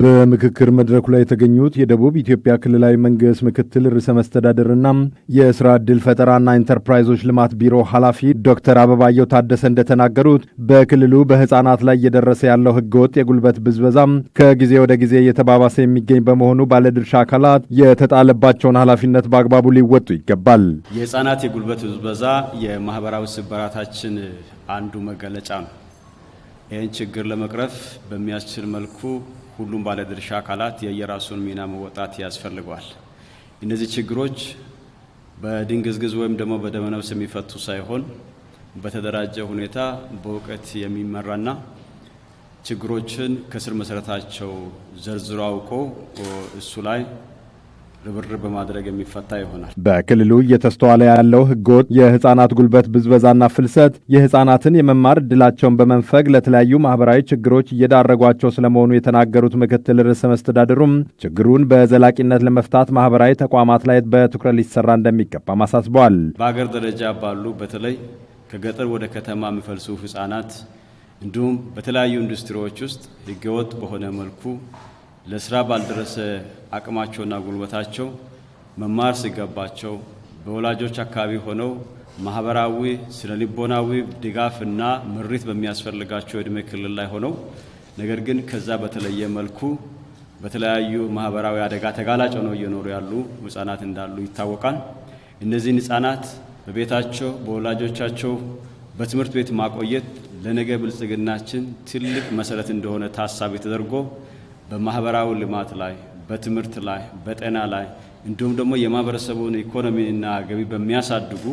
በምክክር መድረኩ ላይ የተገኙት የደቡብ ኢትዮጵያ ክልላዊ መንግስት ምክትል ርዕሰ መስተዳድርና የስራ ዕድል ፈጠራና ኢንተርፕራይዞች ልማት ቢሮ ኃላፊ ዶክተር አበባየው ታደሰ እንደተናገሩት በክልሉ በህፃናት ላይ እየደረሰ ያለው ህገወጥ የጉልበት ብዝበዛም ከጊዜ ወደ ጊዜ እየተባባሰ የሚገኝ በመሆኑ ባለድርሻ አካላት የተጣለባቸውን ኃላፊነት በአግባቡ ሊወጡ ይገባል። የህፃናት የጉልበት ብዝበዛ የማህበራዊ ስብራታችን አንዱ መገለጫ ነው። ይህን ችግር ለመቅረፍ በሚያስችል መልኩ ሁሉም ባለድርሻ አካላት የየራሱን ሚና መወጣት ያስፈልገዋል። እነዚህ ችግሮች በድንግዝግዝ ወይም ደግሞ በደመነፍስ የሚፈቱ ሳይሆን በተደራጀ ሁኔታ በእውቀት የሚመራና ችግሮችን ከስር መሰረታቸው ዘርዝሮ አውቆ እሱ ላይ ርብርብ በማድረግ የሚፈታ ይሆናል። በክልሉ እየተስተዋለ ያለው ህገወጥ የህጻናት ጉልበት ብዝበዛና ፍልሰት የህጻናትን የመማር እድላቸውን በመንፈግ ለተለያዩ ማህበራዊ ችግሮች እየዳረጓቸው ስለመሆኑ የተናገሩት ምክትል ርዕሰ መስተዳድሩም ችግሩን በዘላቂነት ለመፍታት ማህበራዊ ተቋማት ላይ በትኩረት ሊሰራ እንደሚገባም አሳስበዋል። በሀገር ደረጃ ባሉ በተለይ ከገጠር ወደ ከተማ የሚፈልሱ ህጻናት እንዲሁም በተለያዩ ኢንዱስትሪዎች ውስጥ ህገወጥ በሆነ መልኩ ለስራ ባልደረሰ አቅማቸውና ጉልበታቸው መማር ሲገባቸው በወላጆች አካባቢ ሆነው ማህበራዊ ልቦናዊ ድጋፍና ምሪት በሚያስፈልጋቸው እድሜ ክልል ላይ ሆነው ነገር ግን ከዛ በተለየ መልኩ በተለያዩ ማህበራዊ አደጋ ተጋላጭ ሆነው እየኖሩ ያሉ ህጻናት እንዳሉ ይታወቃል። እነዚህን ህጻናት በቤታቸው በወላጆቻቸው በትምህርት ቤት ማቆየት ለነገ ብልጽግናችን ትልቅ መሰረት እንደሆነ ታሳቢ ተደርጎ በማህበራዊ ልማት ላይ፣ በትምህርት ላይ፣ በጤና ላይ እንዲሁም ደግሞ የማህበረሰቡን ኢኮኖሚና ገቢ በሚያሳድጉ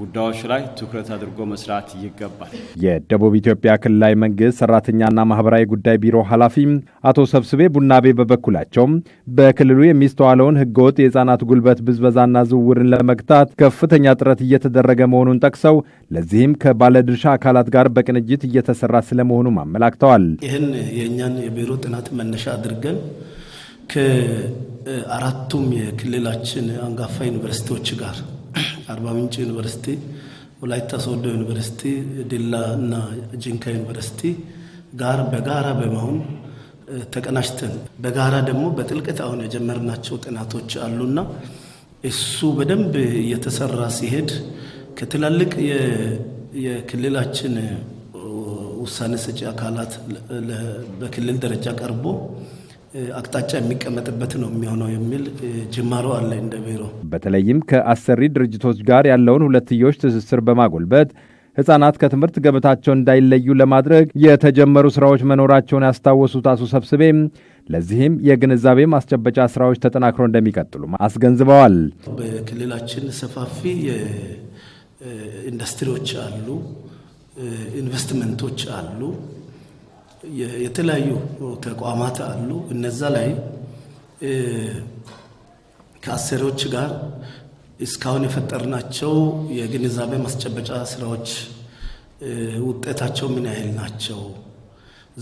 ጉዳዮች ላይ ትኩረት አድርጎ መስራት ይገባል። የደቡብ ኢትዮጵያ ክልላዊ መንግስት ሰራተኛና ማህበራዊ ጉዳይ ቢሮ ኃላፊ አቶ ሰብስቤ ቡናቤ በበኩላቸው በክልሉ የሚስተዋለውን ህገወጥ የህፃናት ጉልበት ብዝበዛና ዝውውርን ለመግታት ከፍተኛ ጥረት እየተደረገ መሆኑን ጠቅሰው ለዚህም ከባለድርሻ አካላት ጋር በቅንጅት እየተሰራ ስለመሆኑም አመላክተዋል። ይህን የእኛን የቢሮ ጥናት መነሻ አድርገን ከአራቱም የክልላችን አንጋፋ ዩኒቨርሲቲዎች ጋር አርባ ምንጭ ዩኒቨርሲቲ፣ ወላይታ ሶዶ ዩኒቨርሲቲ፣ ዲላ እና ጂንካ ዩኒቨርሲቲ ጋር በጋራ በመሆን ተቀናጅተን በጋራ ደግሞ በጥልቀት አሁን የጀመርናቸው ጥናቶች አሉና እሱ በደንብ እየተሰራ ሲሄድ ከትላልቅ የክልላችን ውሳኔ ሰጪ አካላት በክልል ደረጃ ቀርቦ አቅጣጫ የሚቀመጥበት ነው የሚሆነው የሚል ጅማሮ አለ። እንደ ቢሮ በተለይም ከአሰሪ ድርጅቶች ጋር ያለውን ሁለትዮሽ ትስስር በማጎልበት ሕፃናት ከትምህርት ገበታቸው እንዳይለዩ ለማድረግ የተጀመሩ ስራዎች መኖራቸውን ያስታወሱት አቶ ሰብስቤም ለዚህም የግንዛቤ ማስጨበጫ ስራዎች ተጠናክሮ እንደሚቀጥሉ አስገንዝበዋል። በክልላችን ሰፋፊ ኢንዱስትሪዎች አሉ፣ ኢንቨስትመንቶች አሉ። የተለያዩ ተቋማት አሉ። እነዛ ላይ ከአሰሪዎች ጋር እስካሁን የፈጠርናቸው የግንዛቤ ማስጨበጫ ስራዎች ውጤታቸው ምን ያህል ናቸው?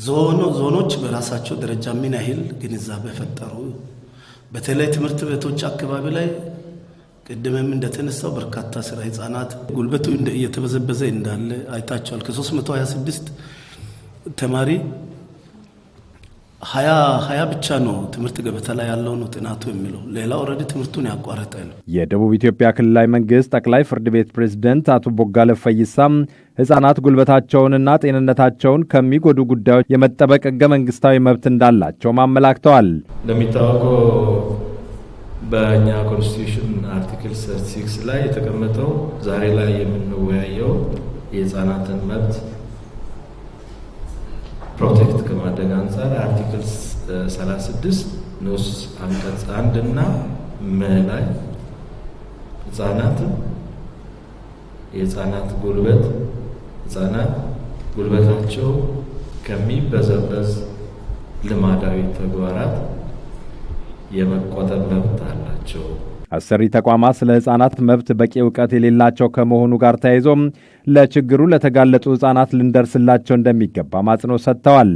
ዞኖች በራሳቸው ደረጃ ምን ያህል ግንዛቤ ፈጠሩ? በተለይ ትምህርት ቤቶች አካባቢ ላይ ቅድምም እንደተነሳው በርካታ ስራ ህጻናት ጉልበቱ እየተበዘበዘ እንዳለ አይታቸዋል ከ326 ተማሪ ሀያ ሀያ ብቻ ነው ትምህርት ገበታ ላይ ያለው ነው ጥናቱ የሚለው ሌላ ኦልሬዲ ትምህርቱን ያቋረጠ ነው። የደቡብ ኢትዮጵያ ክልላዊ መንግስት ጠቅላይ ፍርድ ቤት ፕሬዝደንት አቶ ቦጋለ ፈይሳም ሕፃናት ጉልበታቸውንና ጤንነታቸውን ከሚጎዱ ጉዳዮች የመጠበቅ ህገ መንግስታዊ መብት እንዳላቸውም አመላክተዋል። እንደሚታወቀው በእኛ ኮንስቲቱሽን አርቲክል ሲክስ ላይ የተቀመጠው ዛሬ ላይ የምንወያየው የሕፃናትን መብት ፕሮቴክት ከማድረግ አንጻር አርቲክል 36 ንዑስ አንቀጽ አንድ እና መላይ ህጻናት የህጻናት ጉልበት ህጻናት ጉልበታቸው ከሚበዘበዝ ልማዳዊ ተግባራት የመቆጠብ መብት አላቸው። አሰሪ ተቋማት ስለ ሕፃናት መብት በቂ እውቀት የሌላቸው ከመሆኑ ጋር ተያይዞም ለችግሩ ለተጋለጡ ሕፃናት ልንደርስላቸው እንደሚገባም አጽንኦት ሰጥተዋል።